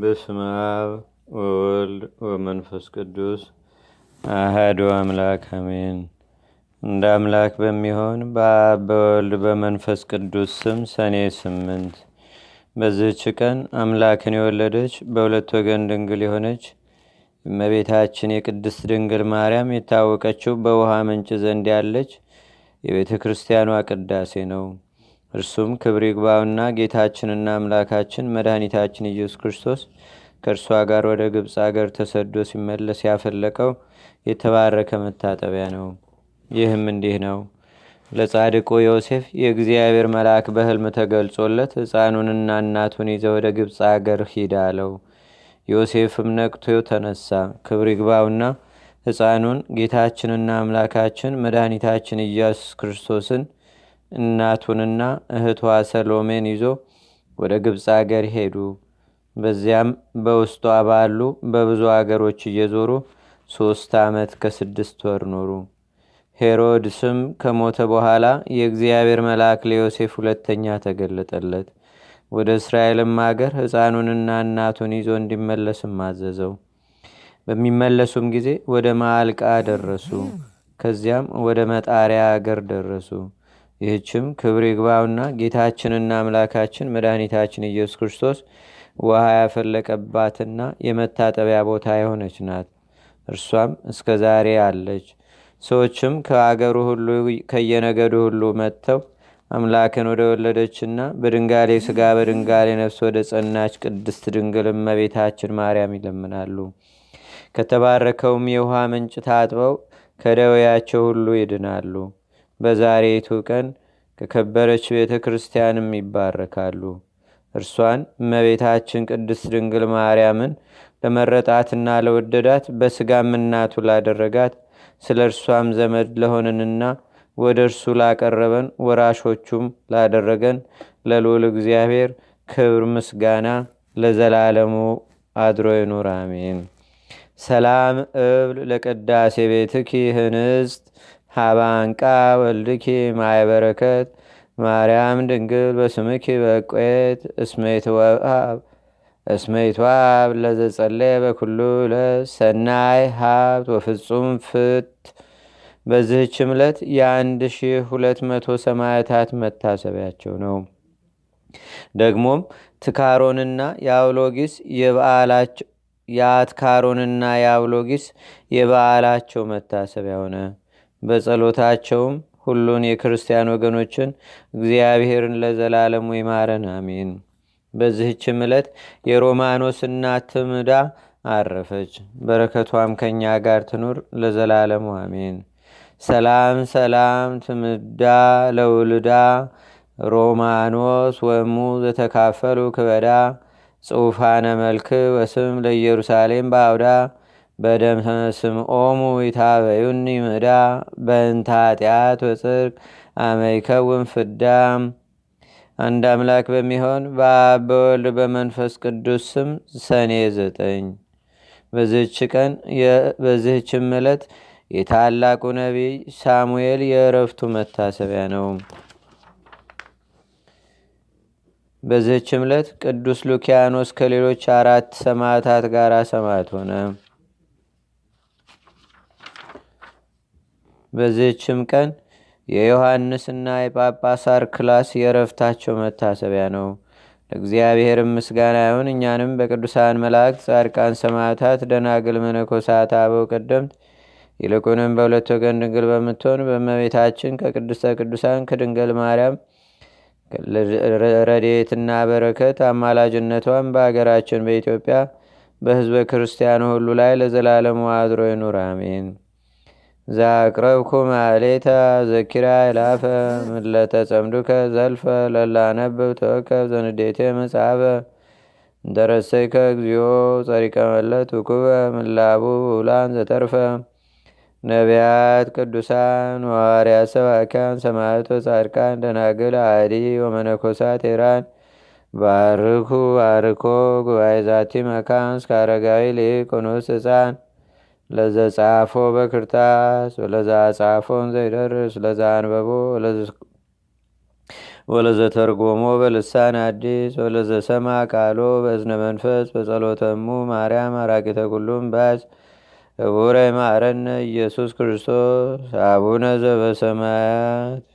በስመ አብ ወወልድ ወመንፈስ ቅዱስ አህዶ አምላክ አሜን። እንደ አምላክ በሚሆን በአብ በወልድ በመንፈስ ቅዱስ ስም ሰኔ ስምንት በዚህች ቀን አምላክን የወለደች በሁለት ወገን ድንግል የሆነች መቤታችን የቅድስት ድንግል ማርያም የታወቀችው በውሃ ምንጭ ዘንድ ያለች የቤተ ክርስቲያኗ ቅዳሴ ነው። እርሱም ክብር ይግባውና ጌታችንና አምላካችን መድኃኒታችን ኢየሱስ ክርስቶስ ከእርሷ ጋር ወደ ግብፅ አገር ተሰዶ ሲመለስ ያፈለቀው የተባረከ መታጠቢያ ነው። ይህም እንዲህ ነው። ለጻድቁ ዮሴፍ የእግዚአብሔር መልአክ በህልም ተገልጾለት ሕፃኑንና እናቱን ይዘ ወደ ግብፅ አገር ሂድ አለው። ዮሴፍም ነቅቶ ተነሳ። ክብር ይግባውና ሕፃኑን ጌታችንና አምላካችን መድኃኒታችን ኢየሱስ ክርስቶስን እናቱንና እህቷ ሰሎሜን ይዞ ወደ ግብፅ አገር ሄዱ። በዚያም በውስጧ ባሉ በብዙ አገሮች እየዞሩ ሦስት ዓመት ከስድስት ወር ኖሩ። ሄሮድስም ከሞተ በኋላ የእግዚአብሔር መልአክ ለዮሴፍ ሁለተኛ ተገለጠለት። ወደ እስራኤልም አገር ሕፃኑንና እናቱን ይዞ እንዲመለስም አዘዘው። በሚመለሱም ጊዜ ወደ ማዕልቃ ደረሱ። ከዚያም ወደ መጣሪያ አገር ደረሱ። ይህችም ክብር ይግባውና ጌታችንና አምላካችን መድኃኒታችን ኢየሱስ ክርስቶስ ውሃ ያፈለቀባትና የመታጠቢያ ቦታ የሆነች ናት። እርሷም እስከ ዛሬ አለች። ሰዎችም ከአገሩ ሁሉ ከየነገዱ ሁሉ መጥተው አምላክን ወደ ወለደችና በድንጋሌ ስጋ በድንጋሌ ነፍስ ወደ ጸናች ቅድስት ድንግል መቤታችን ማርያም ይለምናሉ። ከተባረከውም የውሃ ምንጭ ታጥበው ከደወያቸው ሁሉ ይድናሉ። በዛሬቱ ቀን ከከበረች ቤተ ክርስቲያንም ይባረካሉ። እርሷን እመቤታችን ቅድስት ድንግል ማርያምን ለመረጣትና ለወደዳት በስጋም እናቱ ላደረጋት ስለ እርሷም ዘመድ ለሆነንና ወደ እርሱ ላቀረበን ወራሾቹም ላደረገን ለልዑል እግዚአብሔር ክብር ምስጋና ለዘላለሙ አድሮ ይኑር፣ አሜን። ሰላም እብል ለቅዳሴ ቤትኪ ህንጽት ሀባንቃ ወልድኪ ማይበረከት ማርያም ድንግል በስምኪ በቆየት እስመይትወሃብ ዋብ ለዘጸለ በኩሉ ለሰናይ ሀብት ወፍጹም ፍት በዚህች ሺ ሁለት መቶ ሰማያታት መታሰቢያቸው ነው። ደግሞም ትካሮንና የአውሎጊስ የአትካሮንና የአውሎጊስ የበዓላቸው መታሰቢያ ሆነ። በጸሎታቸውም ሁሉን የክርስቲያን ወገኖችን እግዚአብሔርን ለዘላለሙ ይማረን አሚን በዚህችም ዕለት የሮማኖስ እናት ትምዳ አረፈች። በረከቷም ከእኛ ጋር ትኑር ለዘላለሙ አሜን። ሰላም ሰላም ትምዳ ለውልዳ ሮማኖስ ወሙ ዘተካፈሉ ክበዳ ጽሑፋነ መልክ ወስም ለኢየሩሳሌም በአውዳ በደም ኦሙ ይታበዩኒ ምዳ በእንተ ኃጢአት ወጽድቅ አመይከውን ፍዳ አንድ አምላክ በሚሆን በአብ በወልድ በመንፈስ ቅዱስ ስም ሰኔ ዘጠኝ በዚህች ቀን በዚህችም ዕለት የታላቁ ነቢይ ሳሙኤል የእረፍቱ መታሰቢያ ነው። በዚህችም ዕለት ቅዱስ ሉኪያኖስ ከሌሎች አራት ሰማዕታት ጋር ሰማዕት ሆነ። በዚህችም ቀን የዮሐንስና የጳጳሳር ክላስ የእረፍታቸው መታሰቢያ ነው። ለእግዚአብሔር ምስጋና ይሁን። እኛንም በቅዱሳን መላእክት፣ ጻድቃን፣ ሰማዕታት፣ ደናግል፣ መነኮሳት፣ አበው ቀደምት ይልቁንም በሁለት ወገን ድንግል በምትሆን በመቤታችን ከቅድስተ ቅዱሳን ከድንግል ማርያም ረዴትና በረከት አማላጅነቷን በአገራችን በኢትዮጵያ በህዝበ ክርስቲያኑ ሁሉ ላይ ለዘላለሙ አድሮ ይኑር። አሜን። ዛቅረብኩ ማሌታ ዘኪራ ይላፈ ምለተ ጸምዱከ ዘልፈ ለላነብብ ተወከብ ዘንዴቴ መጽሐፈ እንተረሰይከ እግዚኦ ጸሪቀ መለት ውኩበ ምላቡ ውላን ዘተርፈ ነቢያት ቅዱሳን ዋርያ ሰባካን ሰማያት ወጻድቃን ደናግል አዲ ወመነኮሳት ሄራን ባርኩ ባርኮ ጉባኤ ዛቲ መካን እስከ አረጋዊ ሊቅ ህፃን ለዘ ጻፎ በክርታስ ወለዛ ጻፎን ዘይደርስ ለዛ አንበቦ ወለዘ ተርጎሞ በልሳን አዲስ ወለዘ ሰማ ቃሎ በእዝነ መንፈስ በጸሎተሙ ማርያም አራቂተ ኩሉም ባስ እቡረ ማረነ ኢየሱስ ክርስቶስ አቡነ ዘበሰማያት